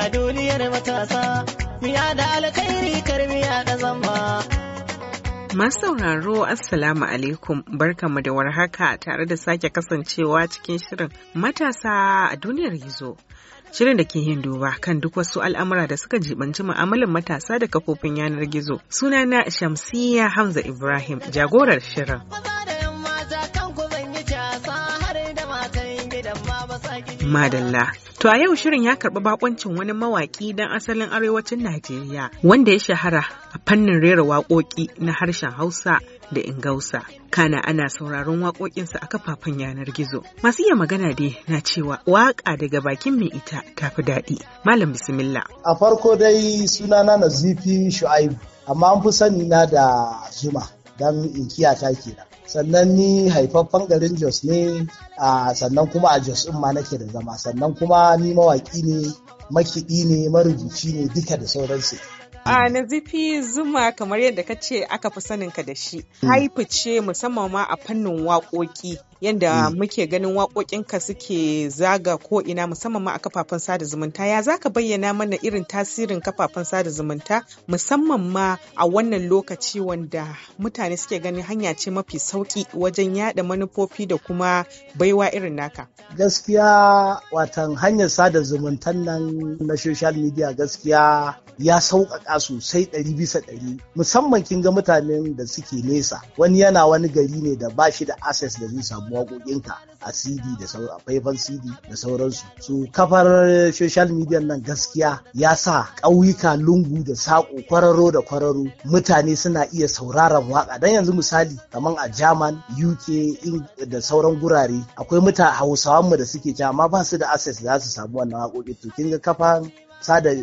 ya duniyar matasa, miya da alkhairi miya da zamba. Masu sauraro Assalamu alaikum barkamu da warhaka tare da sake kasancewa cikin shirin matasa a duniyar gizo. Shirin da ke yin duba kan duk wasu al'amura da suka jibanci ma'amalin matasa da kafofin yanar gizo. Sunana Shamsiyya Hamza Ibrahim jagorar shirin. Madalla To a yau shirin ya karɓi bakoncin wani mawaƙi dan asalin arewacin Najeriya wanda ya shahara a fannin rera waƙoƙi na harshen Hausa da Ingausa. Kana ana sauraron waƙoƙinsa a kafafen yanar gizo. Masu iya magana dai na cewa waƙa daga bakin mai ita tafi daɗi. Malam Bismillah. A farko dai sunana Nazifi Shu'aibu amma an fi sani na da Zuma. don inkiya ta kenan sannan ni haifaffen garin jos ne a sannan kuma a jos ma nake da zama sannan kuma ni mawaki ne makiɗi ne marubuci ne duka da sauransu A nazifi zuma kamar yadda ka ce aka fi saninka da shi, hmm. haifice musamman ma a fannin waƙoƙi. yadda mm. muke ganin ka suke zaga ko ina musamman ma a kafafen sada zumunta ya zaka bayyana mana irin tasirin kafafen sada zumunta musamman ma a wannan lokaci wanda mutane suke ganin hanya ce mafi sauki wajen yada manufofi da kuma baiwa irin naka gaskiya watan hanyar sada zumuntan nan na social media gaskiya ya sauƙaƙa sosai ɗari bisa ɗari musamman kin ga mutanen da suke nesa wani yana wani gari ne da bashi da access da zai waƙoƙinka a cd da sauran faifan cd da sauransu su kafar social media nan gaskiya ya sa ƙauyuka lungu da saƙo kwararo da kwararo mutane suna iya sauraron waƙa. don yanzu misali kamar a german uk da sauran gurare akwai mutane hausawan mu da suke ci amma ba su da access za su samu wannan waƙoƙin to kin ga kafan sada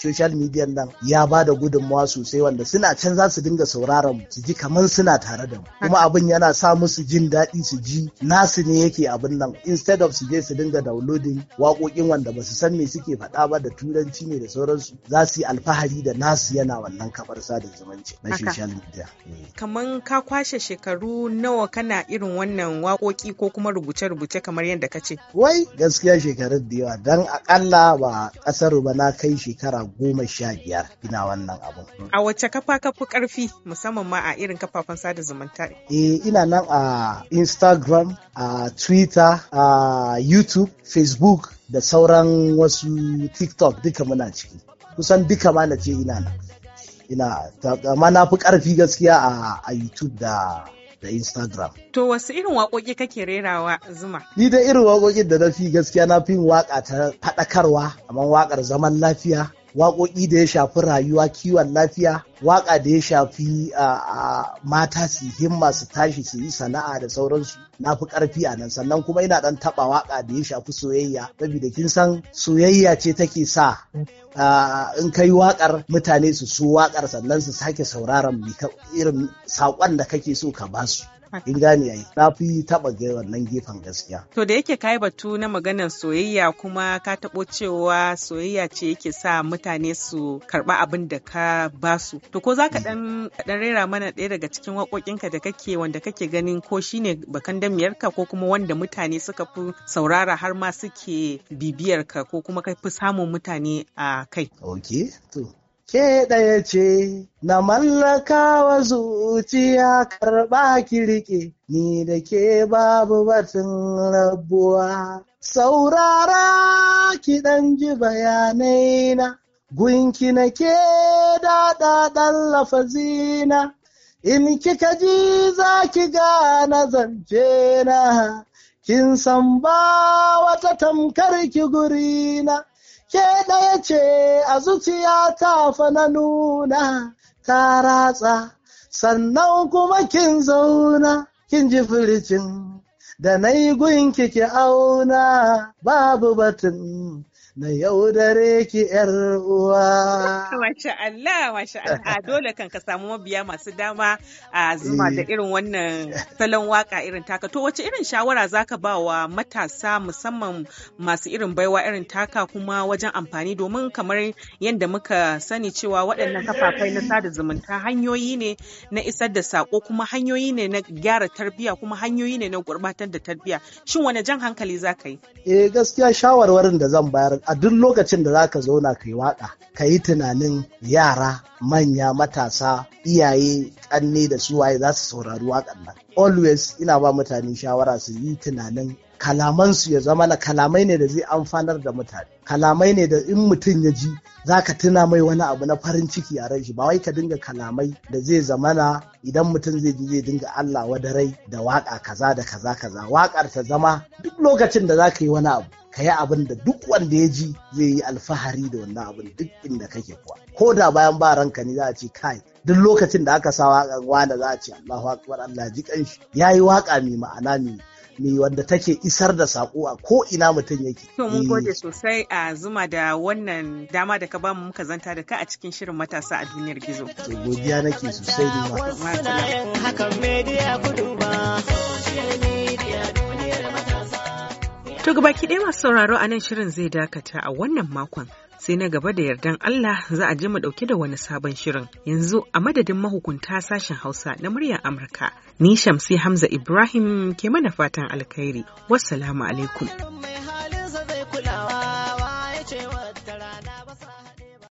social media nan ya ba da gudunmawa sosai wanda suna can za su dinga sauraron su ji kamar suna tare da mu kuma abin yana sa musu jin daɗi su ji nasu ne yake abin nan instead of su je su dinga downloading waƙoƙin wanda ba su san me suke faɗa ba da turanci ne da sauransu za su yi alfahari da nasu yana wannan kamar sada zumunci na social media. Eh. Kaman ka kwashe shekaru nawa kana irin wannan waƙoƙi ko kuma rubuce-rubuce kamar yadda ka ce? Wai gaskiya shekarun da yawa don akalla ba ƙasar ba na kai shekara goma sha biyar ina wannan abun. A wace kafa ka fi ƙarfi musamman ma a irin kafafen sada zumunta? Eh ina nan a Instagram, a Twitter, a YouTube, Facebook da sauran wasu TikTok duka muna ciki. Kusan duka ma na ce ina nan. Ina, amma na fi ƙarfi gaskiya a YouTube da da Instagram. To wasu irin waƙoƙi kake rerawa Zuma? Ni da irin waƙoƙin da na fi gaskiya na fi waƙa ta faɗakarwa, kamar waƙar zaman lafiya, waƙoƙi da ya shafi rayuwa kiwon lafiya waƙa da ya shafi mata su himma su tashi su yi sana'a da sauransu na fi ƙarfi a nan sannan kuma ina ɗan taɓa waƙa da ya shafi soyayya saboda kin san soyayya ce take sa in kai waƙar mutane su so waƙar sannan su sake sauraron irin saƙon da kake so ka basu kin gane ai na fi taba ga wannan gefen gaskiya to da yake kai batu na maganar soyayya kuma ka taɓo cewa soyayya ce yake sa mutane su karɓa abin da ka basu to ko zaka dan dan rera mana ɗaya daga cikin waƙoƙinka da kake wanda kake ganin ko shine bakan damiyarka ko kuma wanda mutane suka fi saurara har ma suke bibiyarka ko kuma ka fi samun mutane a kai okay to ke ɗaya ce na mallakawa zuciya karɓa kirke ni da ke babu batun rabuwa saurara ki ɗan ji bayanai na gunki na ke daɗa ɗan lafazina in kika ji za ki gana zance na kin san ba wata tamkar ki gurina ke ɗaya ce a zuciya ta fa na nuna ta ratsa sannan kuma kin zauna kin ji firicin da na yi gunki ki auna babu batun na yaudare ki yar uwa. Masha Allah, masha Allah, dole kan ka samu mabiya masu dama a zuma da eh. irin wannan salon waka irin taka. To wace irin shawara za ka ba wa matasa musamman masu irin baiwa irin taka kuma wajen amfani domin kamar yadda muka sani cewa waɗannan kafafai na sada zumunta hanyoyi ne na isar da sako kuma hanyoyi ne na gyara tarbiyya kuma hanyoyi ne na gurbatar da tarbiyya. Shin wani jan hankali za ka yi? Eh gaskiya shawarwarin da zan bayar a duk lokacin da zaka zauna ka yi waka ka yi tunanin yara manya matasa iyaye ƙanne da suwaye za su saurari waƙar nan always ina ba mutane shawara su yi tunanin kalamansu ya zama na kalamai ne da zai amfanar da mutane kalamai ne da in mutum ya ji za ka tuna mai wani abu na farin ciki a shi ba wai ka dinga kalamai da zai zamana idan mutum zai ji zai dinga Allah wadarai da waka kaza da kaza kaza wakar ta zama duk lokacin da za ka yi wani abu ka yi abin da duk wanda ya ji zai yi alfahari da wannan abin duk inda kake kuwa ko da bayan ba ranka ne za a ce kai duk lokacin da aka sa waƙar wanda za a ce Allahu akbar Allah ji kanshi yayi waka mai ma'ana mai ne wanda take isar da sako a ko ina mutum yake. To mun eh. gode sosai a zuma da wannan dama da ka bamu muka zanta da ka a cikin shirin matasa a duniyar gizo. Godiya nake sosai ne ma. ga baki ɗaya masu sauraro a nan shirin zai dakata a wannan makon. sai na gaba da yardan Allah za a je mu ɗauke da wani sabon shirin. Yanzu a madadin mahukunta sashen Hausa na muryar Amurka, ni Shamsi Hamza Ibrahim ke mana fatan alkhairi. Wassalamu alaikum.